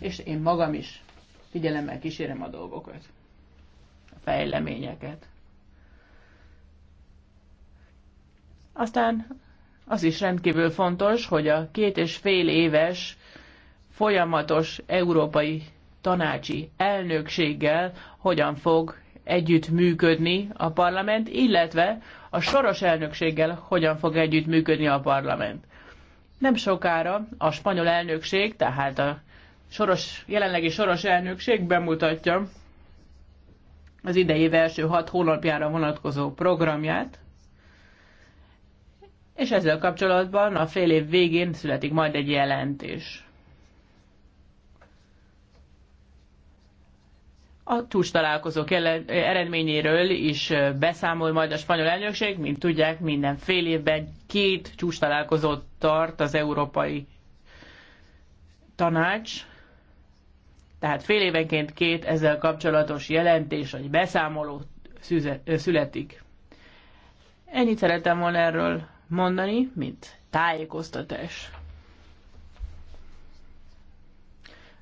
és én magam is figyelemmel kísérem a dolgokat, a fejleményeket. Aztán az is rendkívül fontos, hogy a két és fél éves folyamatos európai tanácsi elnökséggel hogyan fog együttműködni a parlament, illetve a soros elnökséggel hogyan fog együttműködni a parlament. Nem sokára a spanyol elnökség, tehát a soros, jelenlegi soros elnökség bemutatja az idei első hat hónapjára vonatkozó programját, és ezzel kapcsolatban a fél év végén születik majd egy jelentés. A csúcs találkozók eredményéről is beszámol majd a spanyol elnökség, mint tudják, minden fél évben két csúcs találkozót tart az Európai Tanács, tehát fél évenként két ezzel kapcsolatos jelentés vagy beszámoló születik. Ennyit szeretem volna erről mondani, mint tájékoztatás.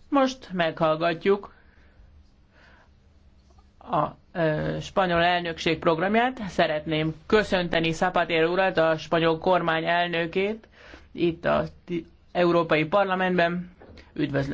Most meghallgatjuk a ö, spanyol elnökség programját. Szeretném köszönteni Szapatér urat, a spanyol kormány elnökét itt az Európai Parlamentben. Üdvözlöm!